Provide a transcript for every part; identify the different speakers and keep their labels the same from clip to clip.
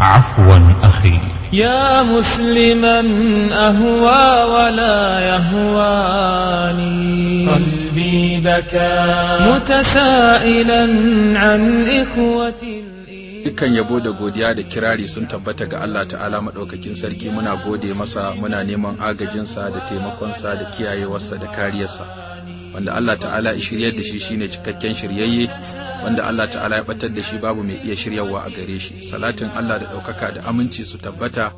Speaker 1: عفوا أخي يا مسلما أهوى ولا يهواني قلبي بكى متسائلا عن إخوتي dukkan yabo da godiya da kirari sun tabbata ga Allah ta'ala maɗaukakin sarki muna gode masa muna neman agajinsa da taimakonsa da kiyayewarsa da kariyarsa wanda Allah ta'ala shiryar da shi shine cikakken shiryayye wanda Allah ta'ala ya batar da shi babu mai iya shiryawa a gare shi salatin Allah da ɗaukaka da aminci su tabbata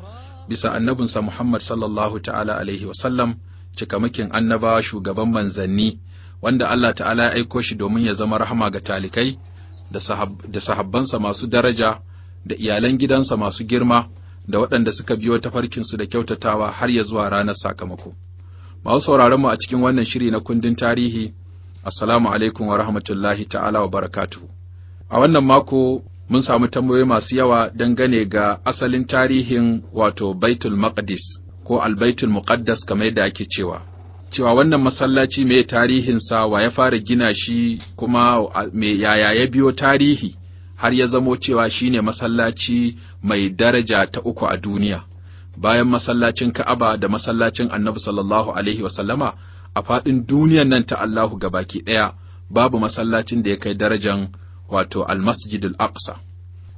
Speaker 1: bisa annabinsa Muhammad sallallahu ta'ala alaihi sallam cikamakin annabawa shugaban manzanni wanda Allah ta'ala ya aiko shi domin ya zama rahama ga talikai da, sahab, da sahabbansa masu daraja da iyalan gidansa masu girma da waɗanda suka biyo tafarkinsu da kyautatawa har ya zuwa ranar sakamako. Masu sauraron mu a cikin wannan shiri na kundin tarihi Assalamu alaikum wa rahmatullahi ta'ala wa barakatuhu. A wannan mako mun samu tambayoyi masu yawa dangane ga asalin tarihin wato Baitul Maqdis ko Albaitul Muqaddas kamar yadda ake cewa. Cewa wannan masallaci mai tarihinsa wa ya fara gina shi kuma me yaya ya biyo tarihi har ya zamo cewa shine masallaci mai daraja ta uku a duniya. Bayan masallacin Ka'aba da masallacin Annabi sallallahu alaihi wa sallama. a faɗin duniyan nan ta Allahu ga baki ɗaya babu masallacin da ya kai darajan wato almasjidul aqsa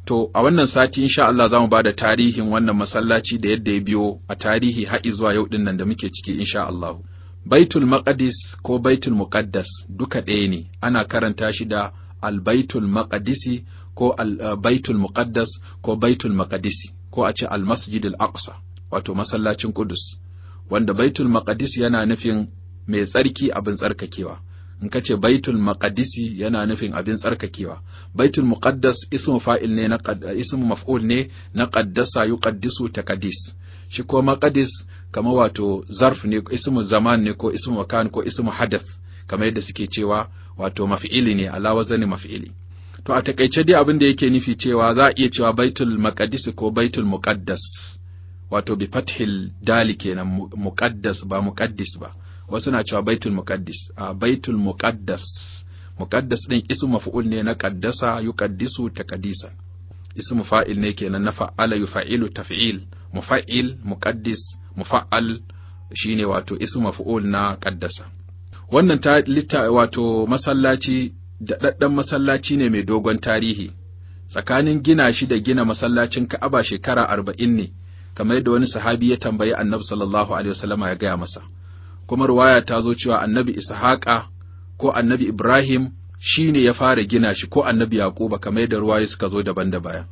Speaker 1: To a wannan sati insha Allah za mu ba da tarihin wannan masallaci da yadda ya biyo a tarihi ha'i zuwa yau ɗin nan da muke ciki insha Allah. Baitul Maqdis ko Baitul Muqaddas duka ɗaya ne ana karanta shi da Al-Baitul Maqdisi ko Al-Baitul eh, Muqaddas ko Baitul Maqdisi ko a ce Al-Masjid aqsa wato masallacin Qudus wanda Baitul Maqdis yana nufin mai tsarki abin tsarkakewa in ka ce baitul yana nufin abin tsarkakewa baitul muqaddas ismu fa'il ne na ismu maf'ul ne na qaddasa yuqaddisu ƙaddis. shi ko maqadis kama wato zarf ne ismu zaman ne ko ismu makan ko ismu hadath kama yadda suke cewa wato maf'ili ne ala wazani maf'ili to a takaice dai abin da yake nufi cewa za a iya cewa baitul ko baitul muqaddas wato bi fathil dali kenan muqaddas ba muqaddis ba wasu na cewa baitul muqaddis a ah, baitul muqaddas muqaddas din ismu maf'ul ne na qaddasa yuqaddisu taqdisa ismu fa'il ne kenan na fa'ala yufa'ilu taf'il mufa'il muqaddis mufa'al shine wato ismu maf'ul na qaddasa wannan ta litta wato masallaci daɗaɗɗen masallaci ne mai dogon tarihi tsakanin gina shi da gina masallacin Ka'aba shekara arba'in ne kamar yadda wani sahabi ya tambayi Annabi sallallahu alaihi wasallama ya gaya masa kuma ruwaya ta zo cewa annabi Ishaqa ko annabi Ibrahim shi ne ya fara gina shi ko annabi Yaquba kamar yadda Ruwaya suka zo daban da baya.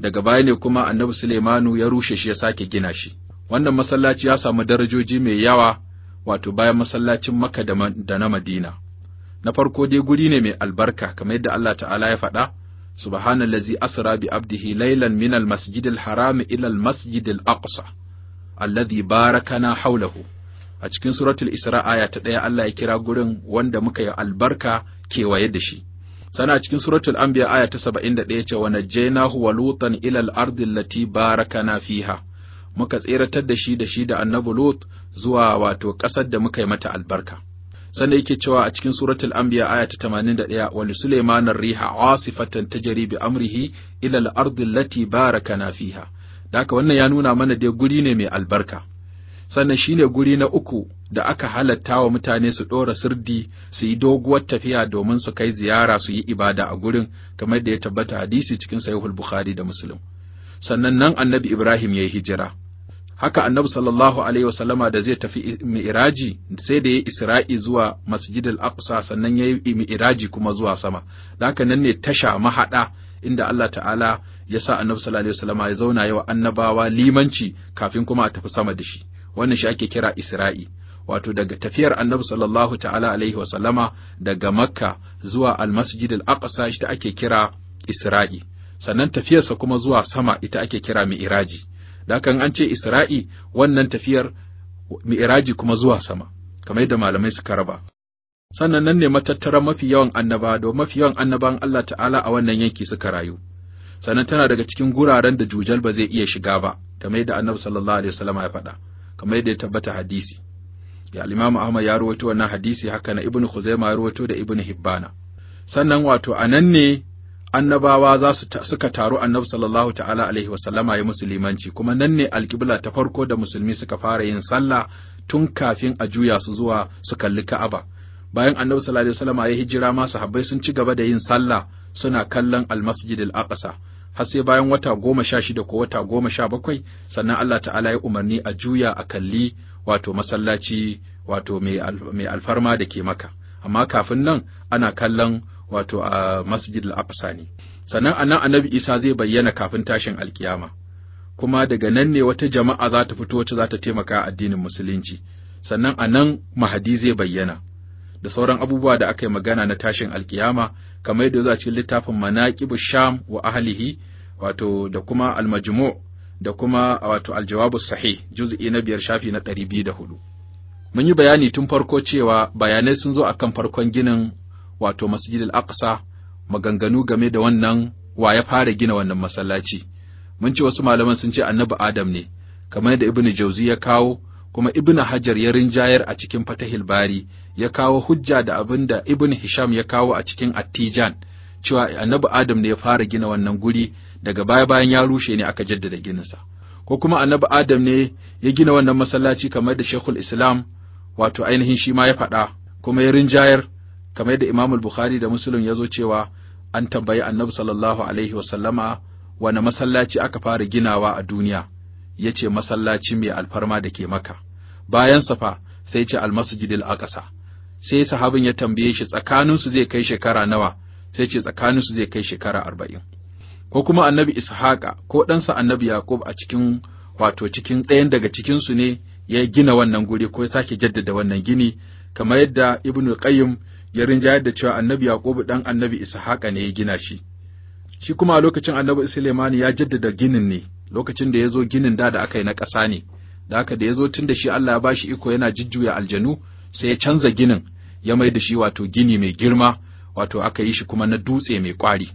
Speaker 1: Daga baya ne kuma annabi Suleimanu ya rushe shi ya sake gina shi. Wannan masallaci ya samu darajoji mai yawa wato bayan masallacin Makka da na Madina. Na farko dai guri ne mai albarka kamar yadda Allah Ta'ala ya faɗa, Subhana lazi bi abdihi laylan minal masjidil harami ilal masjidil aqsa alladhi barakana haulahu. a cikin suratul Isra aya ta ɗaya Allah ya kira gurin wanda muka yi albarka kewaye da shi. Sana cikin suratul Anbiya aya ta saba'in da ɗaya ce wa najjainahu wa lutan ilal ardin lati barakana fiha. Muka tseratar da shi da shi da annabi Lut zuwa wato ƙasar da muka yi mata albarka. Sannan yake cewa a cikin suratul Anbiya aya ta tamanin da ɗaya wa li Sulaiman riha asifatan tajri bi amrihi ilal ardin lati barakana fiha. Da haka wannan ya nuna mana dai guri ne mai albarka. sannan shi ne guri na uku da aka halatta wa mutane su ɗora sirdi su yi doguwar tafiya domin su kai ziyara su yi ibada a gurin kamar da ya tabbata hadisi cikin sahihul bukhari da muslim sannan nan annabi ibrahim ya yi hijira haka annabi sallallahu alaihi wasallama da zai tafi mi'iraji sai da ya isra'i zuwa masjidil aqsa sannan ya yi mi'iraji kuma zuwa sama da haka nan ne tasha mahaɗa inda Allah ta'ala ya sa annabi sallallahu alaihi wasallama ya zauna yawa annabawa limanci kafin kuma a tafi sama da shi wannan shi ake kira Isra'i wato daga tafiyar Annabi sallallahu ta'ala alaihi wa daga Makka zuwa Almasjid al-Aqsa ita ake kira Isra'i sannan tafiyarsa kuma zuwa sama ita ake kira Mi'raji dakan an ce Isra'i wannan tafiyar Mi'iraji kuma zuwa sama kamar yadda malamai suka raba sannan nan ne matattaran mafi yawan annaba da mafi yawan annaban Allah ta'ala a wannan yanki suka rayu sannan tana daga cikin guraren da jujal ba zai iya shiga ba kamar yadda annabi sallallahu alaihi wasallam ya faɗa kamar yadda ya tabbata hadisi ya al Ahmad ya rawaito wannan hadisi haka na Ibnu Khuzaimah ya rawaito da Ibnu Hibbana sannan wato anan ne annabawa za su suka taru annabi sallallahu ta'ala alaihi wa sallama ya musulmanci kuma nan ne alƙibla ta farko da musulmi suka fara yin sallah tun kafin a juya su zuwa su kalli Ka'aba bayan annabi sallallahu alaihi wa sallama ya hijira ma sahabbai sun ci gaba da yin sallah suna kallon al-Masjid aqsa har sai bayan wata goma sha shida ko wata goma sha bakwai sannan Allah ta'ala ya umarni a juya a kalli wato masallaci wato mai alfarma da ke maka amma kafin nan ana kallon wato a masjid al-aqsa ne sannan anan annabi isa zai bayyana kafin tashin alkiyama kuma daga nan ne wata jama'a za ta fito wacce za ta taimaka addinin musulunci sannan anan mahadi zai bayyana da sauran abubuwa da aka yi magana na tashin alkiyama kamar yadda a cikin littafin manaqibu sham wa ahlihi wato da kuma almajmu da kuma wato aljawabu sahih juz'i na biyar shafi na ɗari biyu da hudu mun yi bayani tun farko cewa bayanai sun zo akan farkon ginin wato masjidil aqsa maganganu game da wannan wa ya fara gina wannan masallaci mun ce wasu malaman sun ce annabi adam ne kamar da ibnu jauzi ya kawo kuma Ibn Hajar ya rinjayar a cikin Fatahil Bari ya kawo hujja da abin da Ibn Hisham ya kawo a cikin Attijan cewa Annabi Adam ne ya fara gina wannan guri daga baya bayan ya rushe ne aka jaddada sa ko kuma Annabi Adam ne ya gina wannan masallaci kamar da Sheikhul Islam wato ainihin shi ma ya faɗa kuma ya rinjayar kamar da Imam Bukhari da Muslim ya zo cewa an tambayi Annabi sallallahu alaihi wasallama wani masallaci aka fara ginawa a duniya ya ce masallaci mai alfarma da ke maka, bayan safa sai ce almasjidil ƙasa. sai sahabin ya tambaye shi tsakaninsu zai kai shekara nawa, sai ce tsakaninsu zai kai shekara arba'in. Ko kuma annabi Ishaqa ko ɗansa annabi Yaƙub a cikin wato cikin ɗayan daga cikinsu ne ya gina wannan guri ko ya sake jaddada wannan gini kamar yadda Ibn Qayyim ya rinjayar da cewa annabi Yaƙub ɗan annabi Ishaqa ne ya gina shi. Shi kuma a lokacin annabi suleimani ya jaddada ginin ne, lokacin da ya zo ginin da da aka yi na ƙasa ne da aka da ya zo tun da shi Allah ya ba shi iko yana jujjuya aljanu sai ya canza ginin ya mai da shi wato gini mai girma wato aka yi shi kuma na dutse mai ƙwari.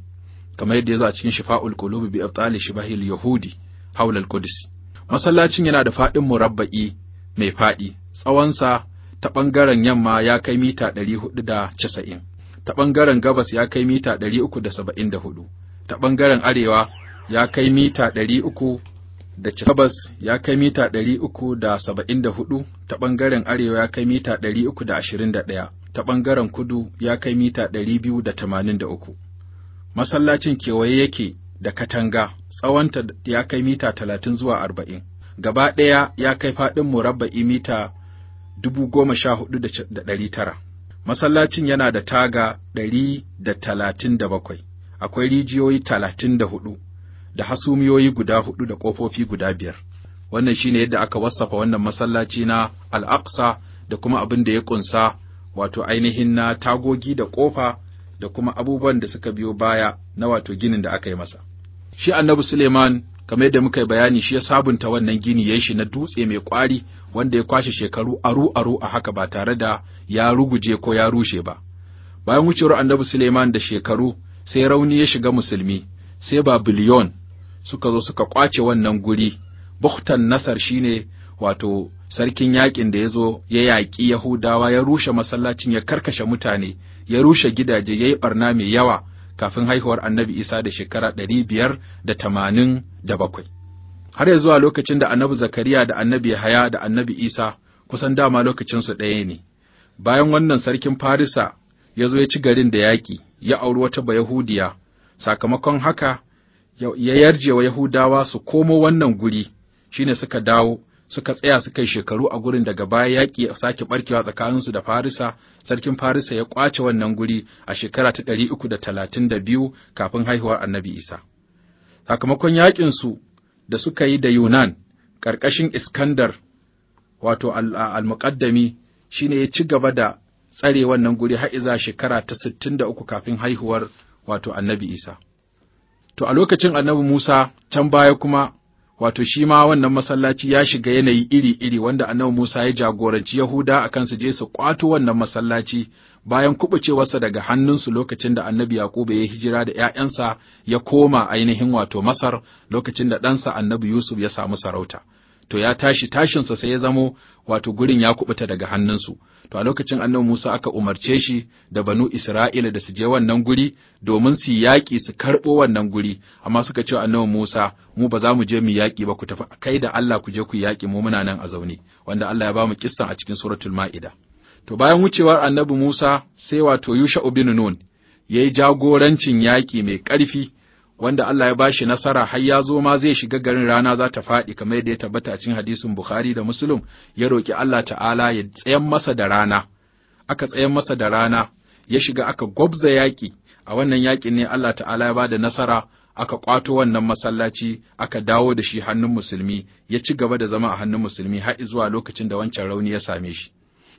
Speaker 1: kamar yadda ya zo a cikin shifa'ul qulubi bi abtali shibahil yahudi haulal qudus masallacin yana da faɗin murabba'i mai faɗi tsawonsa ta ɓangaren yamma ya kai mita ɗari hudu da casa'in ta ɓangaren gabas ya kai mita ɗari uku da saba'in da hudu ta ɓangaren arewa ya kai mita ɗari uku da Gabas ya kai mita ɗari uku da saba'in da hudu, ta ɓangaren Arewa ya kai mita ɗari uku da ashirin da ɗaya, ta ɓangaren Kudu ya kai mita ɗari biyu da tamanin da uku. Masallacin kewaye yake da katanga, tsawonta ya kai mita talatin zuwa arba'in. Gaba ɗaya ya kai faɗin murabba'i mita dubu goma sha hudu da ɗari tara. Masallacin yana da taga ɗari da talatin da bakwai, akwai rijiyoyi talatin da hudu. da hasumiyoyi guda hudu da ƙofofi guda biyar. Wannan shine yadda aka wasafa wannan masallaci na Al’aƙsa da kuma abin da ya ƙunsa wato ainihin na tagogi da ƙofa da kuma abubuwan da suka biyo baya na wato ginin da aka yi masa. Shi Annabi Suleiman kamar yadda muka yi bayani shi ya sabunta wannan gini ya shi na dutse mai ƙwari wanda ya kwashe shekaru aru-aru a haka ba tare da ya ruguje ko ya rushe ba. Bayan wucewar Annabi Suleiman da shekaru sai rauni ya shiga musulmi sai ba biliyon. suka zo suka kwace wannan guri buktan nasar shine wato sarkin yaƙin da ya zo ya yaƙi yahudawa ya rushe masallacin ya karkashe mutane ya rushe gidaje ya yi ɓarna mai yawa kafin haihuwar annabi isa da shekara ɗari biyar da tamanin da bakwai har ya zuwa lokacin da annabi zakariya da annabi haya da annabi isa kusan dama lokacinsu ɗaya ne bayan wannan sarkin farisa ya zo ya ci garin da yaƙi ya auri wata bayahudiya sakamakon haka ya yarje wa Yahudawa su komo wannan guri shine suka dawo suka tsaya suka yi shekaru a gurin daga baya yaƙi ya sake barkewa tsakaninsu da Farisa, sarkin Farisa ya ƙwace wannan guri a shekara ta ɗari uku da talatin da biyu kafin haihuwar annabi Isa. Sakamakon yaƙinsu da suka yi da Yunan ƙarƙashin Iskandar wato al shi shine ya ci gaba da tsare wannan guri har iza shekara ta sittin da uku kafin haihuwar wato annabi Isa. To a lokacin annabi Musa can baya kuma wato shi ma wannan masallaci ya shiga yanayi iri-iri wanda annabi Musa ya jagoranci Yahuda a kansu je su kwato wannan masallaci bayan kubucewarsa daga hannunsu lokacin da annabi Yakubu ya hijira da ‘ya'yansa ya koma ainihin wato Masar lokacin da ɗansa annabi Yusuf ya samu sarauta. to ya tashi tashinsa sai ya zamo wato gurin ya kubuta daga hannunsu to a lokacin annabi Musa aka umarce shi da banu Isra'ila da su je wannan guri domin su yaƙi su karɓo wannan guri amma suka ce annabi Musa mu ba za mu je mu yaƙi ba ku tafi kai da Allah ku je ku yaƙi mu muna nan a zaune wanda Allah ya ba mu kissan a cikin suratul Ma'ida to bayan wucewar annabi Musa sai wato Yusha ibn Nun yayi jagorancin yaƙi mai ƙarfi wanda Allah ya bashi nasara har ya zo ma zai shiga garin rana za ta faɗi kamar yadda ya tabbata cikin hadisin Bukhari da Muslim ya roki Allah ta'ala ya tsayan masa da rana aka tsayan masa da rana ya shiga aka gwabza yaƙi a wannan yaƙin ne Allah ta'ala ya bada nasara aka kwato wannan masallaci aka dawo da shi hannun musulmi ya ci gaba da zama a hannun musulmi har zuwa lokacin da wancan rauni ya same shi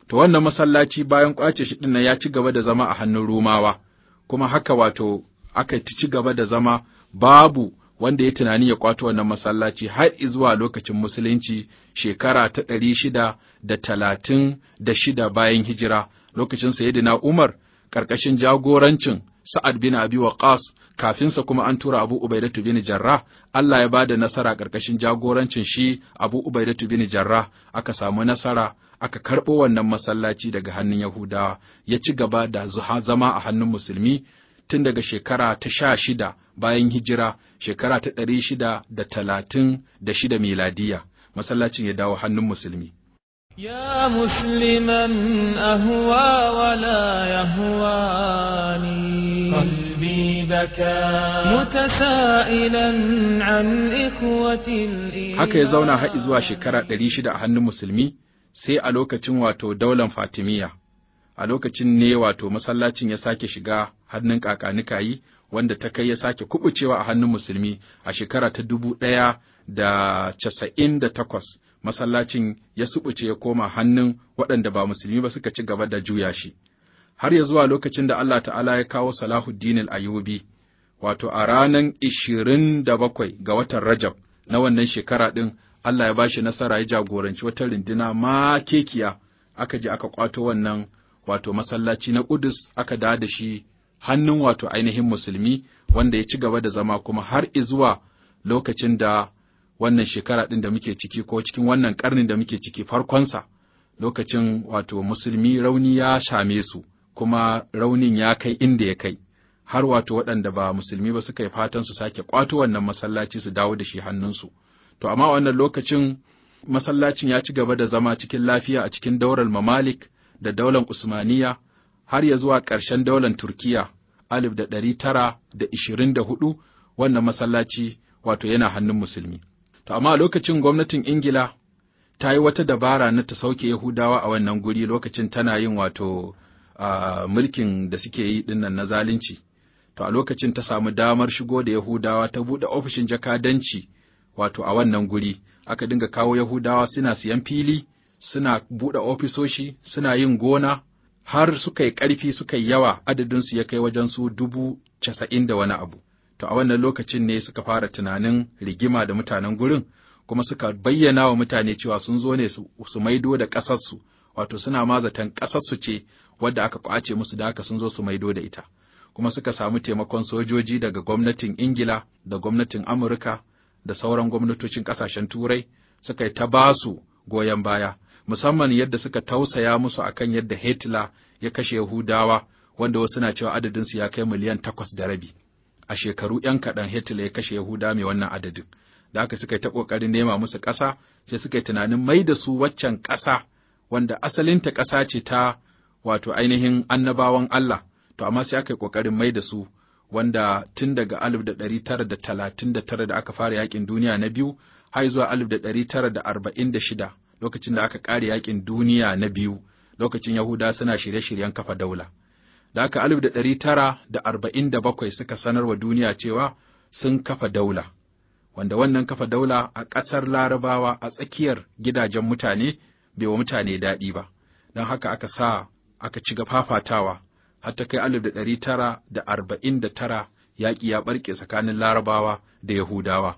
Speaker 1: to wannan masallaci bayan kwace shi din ya ci gaba da zama a hannun Rumawa kuma haka wato aka ci gaba da zama babu wanda ya tunani ya kwato wannan masallaci har zuwa lokacin musulunci shekara ta ɗari shida da talatin da shida bayan hijira lokacin sayidina Umar ƙarƙashin jagorancin Sa'ad bin Abi Waqqas kafinsa kuma an tura Abu Ubaidatu bin jarra Allah ya ba da nasara ƙarƙashin jagorancin shi Abu Ubaidatu bin jarra aka samu nasara aka karɓo wannan masallaci daga hannun Yahudawa ya ci gaba da zama a hannun musulmi tun daga shekara ta sha shida bayan hijira shekara ta ɗari shida da talatin da shida miladiya masallacin ya dawo hannun musulmi. Ya musliman ahuwa wala ni qalbi baka mutasa'ilan an ikwatil Haka ya zauna har zuwa shekara ɗari shida a hannun musulmi sai a lokacin wato daular Fatimiyya a lokacin ne wato masallacin ya sake shiga hannun kakanikayi wanda ta kai ya sake kubucewa a hannun musulmi a shekara ta dubu ɗaya da casa'in da takwas masallacin ya subuce ya koma hannun waɗanda ba musulmi ba suka ci gaba da juya shi har ya zuwa lokacin da Allah ta'ala ya kawo Salahuddin al-Ayyubi wato a ranar ishirin da bakwai ga watan Rajab na wannan shekara ɗin Allah ya bashi nasara ya jagoranci wata rindina ma kekiya, aka je aka kwato wannan wato masallaci na Ƙudus aka da da shi hannun wato ainihin musulmi wanda ya ci gaba da zama kuma har izuwa lokacin da wannan shekara ɗin da muke ciki ko cikin wannan ƙarnin da muke ciki farkonsa lokacin wato musulmi rauni ya same su kuma raunin ya kai inda ya kai har wato waɗanda ba musulmi ba suka yi fatan su sake ƙwato wannan masallaci su dawo da shi hannun su. to amma wannan lokacin masallacin ya ci gaba da zama cikin lafiya a cikin daural mamalik da daular Usmaniya har ya zuwa ƙarshen daular Turkiya alif da ɗari tara da ishirin da hudu wannan masallaci wato yana hannun musulmi. To amma lokacin gwamnatin Ingila ta yi wata dabara na ta sauke Yahudawa a wannan guri lokacin tana yin wato mulkin da suke yi dinnan na zalunci. To a lokacin ta samu damar shigo da Yahudawa ta buɗe ofishin jakadanci wato a wannan guri aka dinga kawo Yahudawa suna siyan fili suna buɗe ofisoshi, suna yin gona, har suka yi ƙarfi suka yi yawa adadinsu ya kai wajen su dubu casa'in da wani abu. To a wannan lokacin ne suka fara tunanin rigima da mutanen gurin, kuma suka bayyana wa mutane cewa sun zo ne su maido da ƙasarsu, wato suna mazatan ƙasarsu ce wadda aka ƙwace musu da haka sun zo su maido da ita. Kuma suka samu taimakon sojoji daga gwamnatin Ingila da gwamnatin Amurka da sauran gwamnatocin ƙasashen Turai suka yi ta basu goyon baya. musamman yadda suka tausaya musu akan yadda Hitler ya kashe Yahudawa wanda wasu na cewa adadinsu ya kai miliyan takwas da rabi. A shekaru ‘yan kaɗan Hitler ya kashe Yahuda mai wannan adadin, da aka suka yi ta ƙoƙarin nema musu ƙasa, sai suka yi tunanin mai da su waccan ƙasa wanda asalinta ƙasa ce ta wato ainihin annabawan Allah, to amma sai aka yi ƙoƙarin mai da su wanda tun daga 1939 da aka fara yaƙin duniya na biyu har zuwa 1946 lokacin da aka ƙare yaƙin duniya na biyu lokacin Yahuda suna shirye-shiryen kafa daula. Da aka alif da ɗari tara da arba'in da bakwai suka sanar wa duniya cewa sun kafa daula, wanda wannan kafa daula a ƙasar larabawa a tsakiyar gidajen mutane bai wa mutane daɗi ba, don haka aka sa aka ci fafatawa har ta kai alif da ɗari tara da arba'in da tara yaƙi ya ɓarke tsakanin larabawa da Yahudawa.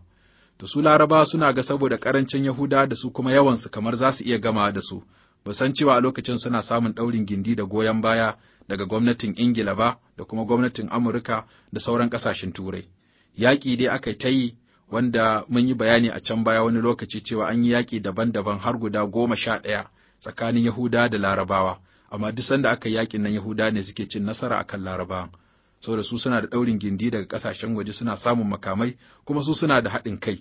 Speaker 1: Da su laraba suna ga saboda ƙarancin yahuda da su kuma yawansu kamar za su iya gama da su ba san cewa a lokacin suna samun ɗaurin gindi da goyon baya daga gwamnatin ingila ba da kuma gwamnatin amurka da sauran ƙasashen turai yaƙi dai aka ta yi wanda mun yi bayani a can baya wani lokaci cewa an yi yaƙi daban-daban har guda goma sha ɗaya tsakanin yahuda da larabawa amma duk sanda aka yi yaƙin nan yahuda ne suke cin nasara akan larabawan saboda su suna da ɗaurin gindi daga ƙasashen waje suna samun makamai kuma su suna da haɗin kai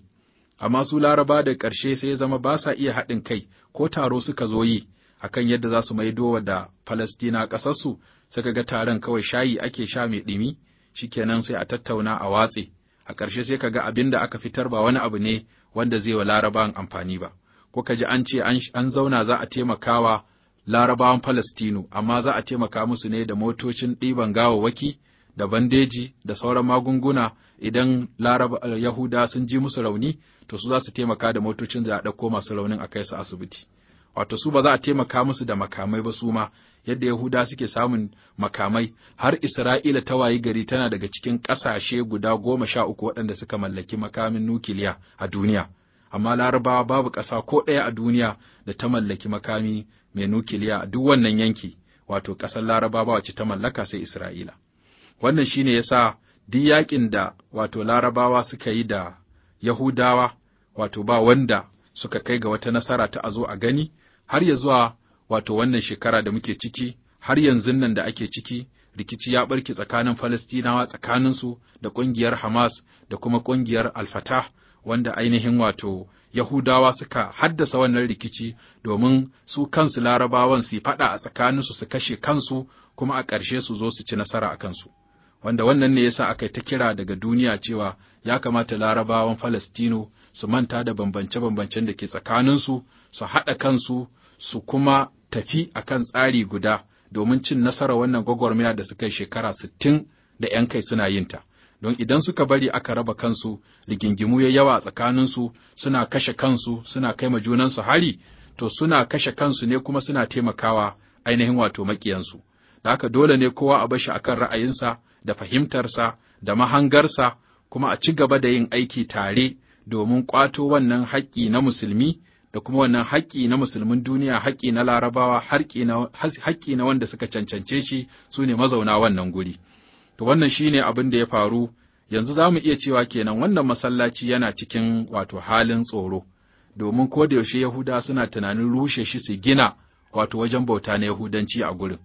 Speaker 1: amma su laraba da ƙarshe sai ya zama ba sa iya haɗin kai ko taro suka zo yi akan yadda za su maido da Falastina ƙasarsu suka ga taron kawai shayi ake sha mai ɗimi shikenan sai a tattauna a watse a ƙarshe sai ka ga abin da aka fitar ba wani abu ne wanda zai wa larabawan amfani ba ko ka ji an ce an zauna za a taimakawa larabawan Falastinu amma za a taimaka musu ne da motocin ɗiban gawawwaki da bandeji da sauran magunguna idan laraba eh, yahuda sun ji musu rauni to su za su taimaka da motocin da ɗauko masu raunin a kai su asibiti wato su ba za a taimaka musu da makamai ba su ma yadda yahuda suke samun makamai har isra'ila ta wayi gari tana daga cikin ƙasashe guda goma sha uku waɗanda suka mallaki makamin nukiliya a duniya amma larabawa babu ƙasa ko ɗaya a duniya da ta mallaki makami mai nukiliya a duk wannan yanki wato ƙasar larabawa ce ta mallaka sai isra'ila Wannan shi ne ya sa duk yaƙin da wato larabawa suka yi da Yahudawa, wato ba wanda suka kai ga wata nasara ta a zo a gani, har ya zuwa wato wannan shekara da muke ciki, har yanzu nan da ake ciki, rikici ya ɓarke tsakanin Falastinawa tsakaninsu da ƙungiyar Hamas da kuma ƙungiyar Alfatah, wanda ainihin wato Yahudawa suka haddasa wannan rikici domin su kansu larabawan su faɗa a tsakaninsu su kashe kansu kuma a ƙarshe su zo su ci nasara a kansu. wanda wannan ne yasa aka yi ta kira daga duniya cewa ya kamata larabawan Falastino su manta da bambance-bambancen da ke tsakaninsu, su haɗa kansu, su kuma tafi a kan tsari guda domin cin nasara wannan gwagwarmaya da suka yi shekara sittin da ‘yan kai suna yin ta, Don idan suka bari aka raba kansu, rigingimu ya yawa a tsakaninsu, suna kashe kansu, suna kai ma junansu hari, to suna kashe kansu ne kuma suna taimakawa ainihin wato maƙiyansu. Da haka dole ne kowa a bashi akan ra'ayinsa, da fahimtarsa da mahangarsa kuma a ci gaba da yin aiki tare domin ƙwato wannan haƙƙi na musulmi da kuma wannan haƙƙi na musulmin duniya haƙƙi na larabawa haƙƙi na wanda suka cancance shi su ne mazauna wannan guri to wannan shi ne abin da ya faru yanzu za mu iya cewa kenan wannan masallaci yana cikin wato halin tsoro domin ko da yaushe yahuda suna tunanin rushe shi su gina wato wajen bauta na yahudanci a gurin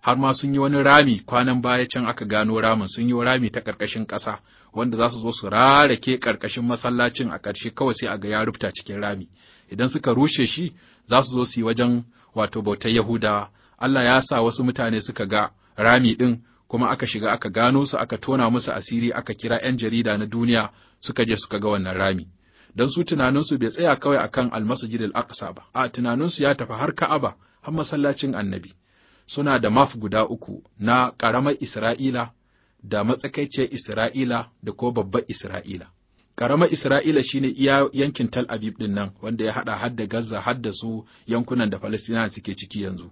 Speaker 1: har ma sun yi wani rami kwanan baya can aka gano ramin sun yi rami ta ƙarƙashin ƙasa wanda za su zo su rarake ƙarƙashin masallacin a ƙarshe kawai sai a ga ya rufta cikin rami idan suka rushe shi za su zo su yi wajen wato bautar Yahudawa Allah ya sa wasu mutane suka ga rami ɗin kuma aka shiga aka gano su aka tona musu asiri aka kira 'yan jarida na duniya suka je suka ga wannan rami don su tunaninsu bai tsaya kawai akan almasjidil aqsa ba a tunaninsu ya tafi har ka'aba har masallacin annabi suna da maf guda uku na ƙaramar Isra'ila da matsakaiciyar Isra'ila da ko babbar Isra'ila. Ƙaramar Isra'ila shine iya yankin Tal Aviv ɗin nan wanda ya haɗa har Gaza har da su yankunan da Falastinawa suke ciki yanzu.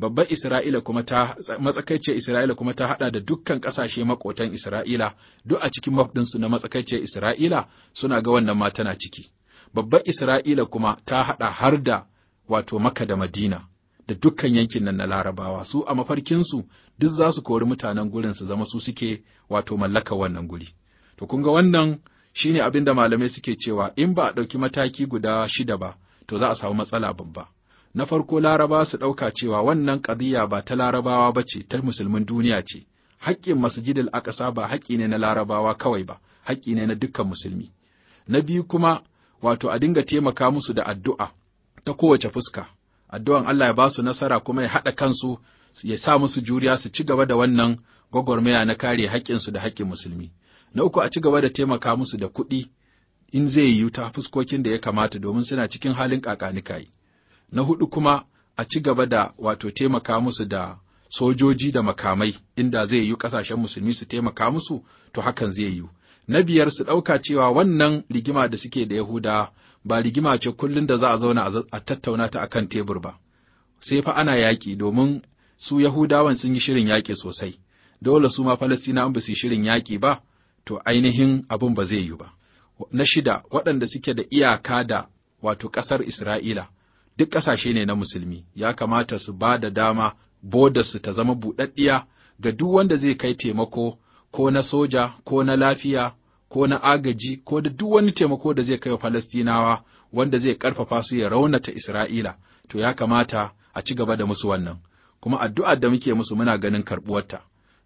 Speaker 1: Babbar Isra'ila kuma ta matsakaiciyar Isra'ila kuma ta haɗa da dukkan ƙasashe maƙotan Isra'ila duk a cikin maf ɗinsu na matsakaiciyar Isra'ila suna ga wannan ma tana ciki. Babbar Isra'ila kuma ta haɗa har da wato Makka da Madina. da dukkan yankin nan na larabawa su a mafarkinsu duk za su kori mutanen gurin su zama su suke wato mallaka wannan guri to kun ga wannan shine abin da malamai suke cewa in ba a ɗauki mataki guda shida ba to za a samu matsala babba na farko laraba su ɗauka cewa wannan ƙadiyya ba ta larabawa ba ce ta musulmin duniya ce haƙƙin masjidil aqsa ba haƙƙi ne na larabawa kawai ba haƙƙi ne na dukkan musulmi na biyu kuma wato a dinga taimaka musu da addu'a ta kowace fuska addu'an Allah ya ba su nasara kuma ya haɗa kansu ya sa musu juriya su ci gaba da wannan gwagwarmaya na kare haƙƙinsu da haƙƙin musulmi. Na uku a ci gaba da taimaka musu da kuɗi in zai yiwu ta fuskokin da ya kamata domin suna cikin halin ƙaƙanikayi. Na huɗu kuma a ci gaba da wato taimaka musu da sojoji da makamai inda zai yiwu ƙasashen musulmi su taimaka musu to hakan zai yiwu. Na biyar su ɗauka cewa wannan rigima da suke da Yahuda ba rigima ce kullum da za a zauna a tattauna ta akan tebur ba sai fa ana yaƙi domin su Yahudawan sun yi shirin yaƙi sosai dole su ma Falasina ba su yi shirin yaƙi ba to ainihin abin ba zai yi ba na shida waɗanda suke da iyaka da wato ƙasar Isra'ila duk ƙasashe ne na musulmi ya kamata su ba da dama bodarsu ta zama buɗaɗɗiya ga duk wanda zai kai taimako ko na soja ko na lafiya ko na agaji ko da duk wani taimako da zai kai wa Falastinawa wanda zai ƙarfafa su ya raunata Isra'ila, to ya kamata a ci gaba da musu wannan, kuma addu'a da muke musu muna ganin karɓuwarta.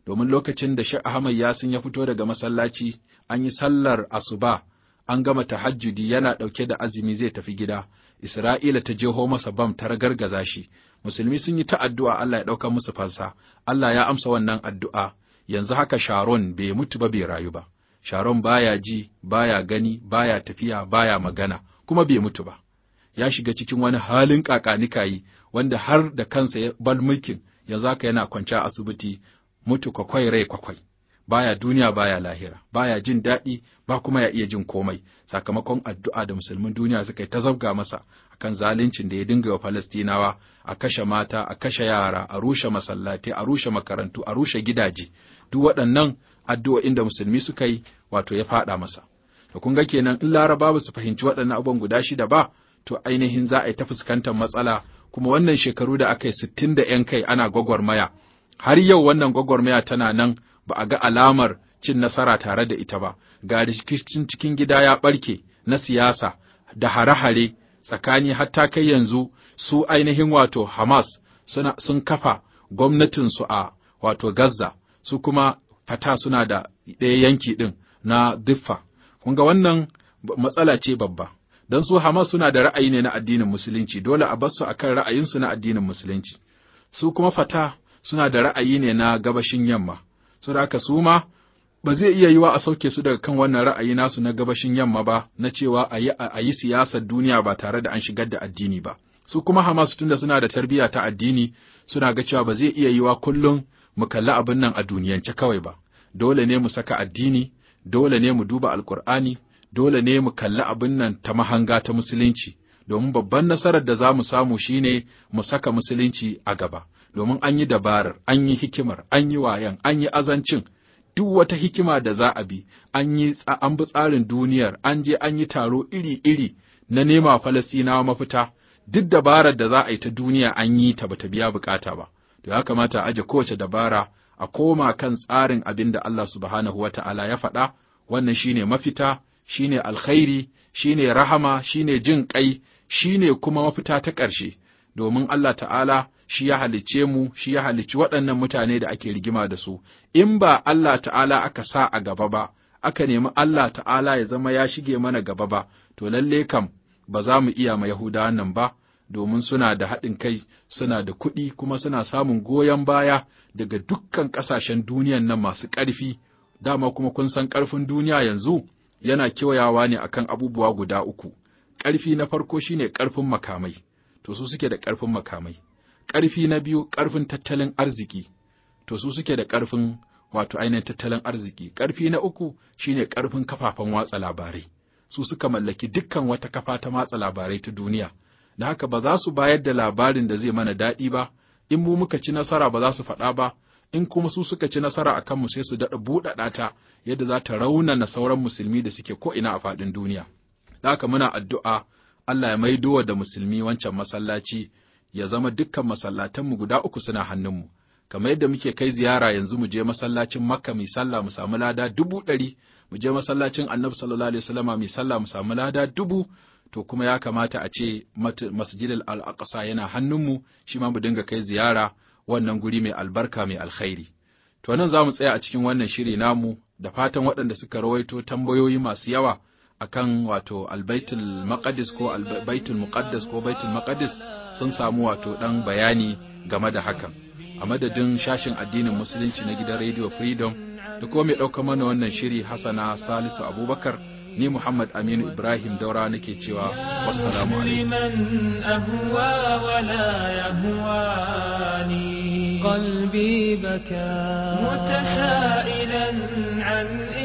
Speaker 1: Domin lokacin da Sheikh Ahmad Yasin ya fito daga masallaci, an yi sallar asuba, an gama tahajjudi yana ɗauke da azumi zai tafi gida, Isra'ila ta jeho masa bam ta ragargaza shi, musulmi sun yi ta addu'a Allah ya ɗauka musu fansa, Allah ya amsa wannan addu'a, yanzu haka Sharon bai mutu ba bai rayu ba. sharon baya ji baya gani baya tafiya baya magana kuma bai mutu ba ya shiga cikin wani halin yi wanda har da kansa ya bal mulkin yanzu haka yana kwanci asibiti mutu kwakwai rai kwakwai baya duniya baya lahira baya jin daɗi ba kuma ya iya jin komai sakamakon addu'a da musulmin duniya suka yi ta zabga masa kan zaluncin da ya dinga wa Falastinawa a kashe mata a kashe yara a rushe masallatai a rushe makarantu a rushe gidaje duk waɗannan addu'o'in da musulmi suka yi wato ya faɗa masa. Da kun ga kenan in Laraba ba su fahimci waɗannan abubuwan guda shida ba, to ainihin za a yi ta fuskantar matsala kuma wannan shekaru da aka yi sittin da ‘yan kai ana gwagwarmaya, har yau wannan gwagwarmaya tana nan ba a ga alamar cin nasara tare da ita ba, ga rikicin cikin gida ya ɓarke na siyasa da hare-hare tsakani hatta kai yanzu su ainihin wato Hamas suna sun kafa gwamnatinsu a wato Gaza, su kuma fata suna da ɗaya yanki ɗin na diffa. Kun ga wannan matsala ce babba, don su Hamas suna da ra'ayi ne na addinin Musulunci, dole a bar su a kan ra'ayinsu na addinin Musulunci. Su kuma fata suna da ra'ayi ne na gabashin yamma, su da su ma ba zai iya yiwa a sauke su daga kan wannan ra'ayi nasu na gabashin yamma ba na cewa a yi siyasar duniya ba tare da an shigar da addini ba. Su kuma Hamas tunda suna da tarbiyya ta addini suna ga cewa ba zai iya yiwa kullum mu kalli abin nan a duniyance kawai ba. dole ne mu saka addini, dole ne mu duba alkur'ani, dole ne mu kalli abin nan ta mahanga ta musulunci, domin babban nasarar da za mu samu shi ne mu saka musulunci a gaba, domin an yi dabarar, an yi hikimar, an yi wayan, an yi azancin, duk wata hikima da za a bi, an yi an bi tsarin duniyar, an je an yi taro iri-iri na nema falasinawa mafita, duk dabarar da za a yi ta duniya an yi ta bata biya bukata ba. To ya kamata a aje kowace dabara a koma kan tsarin abin da Allah subhanahu wata'ala ya faɗa, wannan shine mafita, shine alkhairi, shine rahama, shine jin ƙai, shine kuma mafita ta ƙarshe, domin Allah ta'ala shi ya halicce mu, shi ya halicci waɗannan mutane da ake rigima da su, in ba Allah ta'ala aka sa a gaba ba, aka nemi Allah ta'ala ya zama ya shige mana gaba ba, to lalle kam ba za mu iya ma Yahudawan nan ba, domin suna da haɗin kai, suna da kuɗi kuma suna samun goyon baya daga dukkan ƙasashen duniyan nan masu ƙarfi, dama kuma kun san ƙarfin duniya yanzu yana kewayawa ne akan abubuwa guda uku. Ƙarfi na farko shine ƙarfin makamai, to su suke da ƙarfin makamai. Ƙarfi na biyu ƙarfin tattalin arziki, to su suke da ƙarfin wato ainihin tattalin arziki. Ƙarfi na uku shine ƙarfin kafafen watsa labarai. Su suka mallaki dukkan wata kafa ta watsa labarai ta duniya. da haka ba za su bayar da labarin da zai mana daɗi ba, in mu muka ci nasara ba za su faɗa ba, in kuma su suka ci nasara a kanmu sai su daɗa buɗaɗa ta yadda za ta raunana sauran musulmi da suke ko'ina a faɗin duniya. Da haka muna addu'a Allah ya maido da musulmi wancan masallaci ya zama dukkan masallatanmu guda uku suna hannunmu. Kamar yadda muke kai ziyara yanzu mu je masallacin Makka mai sallah mu samu lada dubu ɗari, mu je masallacin Annabi sallallahu alaihi wasallama mai sallah mu samu lada dubu, to kuma ya kamata a ce masjidal al-aqsa yana hannunmu shi ma mu dinga kai ziyara wannan guri mai albarka mai alkhairi to nan za mu tsaya a cikin wannan shiri namu da fatan waɗanda suka rawaito tambayoyi masu yawa akan wato albaitul maqdis ko albaitul muqaddas ko baitul maqdis sun samu wato dan bayani game da hakan a madadin shashin addinin musulunci na gidan radio freedom da kuma mai ɗaukar mana wannan shiri hasana salisu abubakar ni Muhammad Aminu Ibrahim Daura nake cewa wassalamu alaikum قلبي بكى متسائلا عن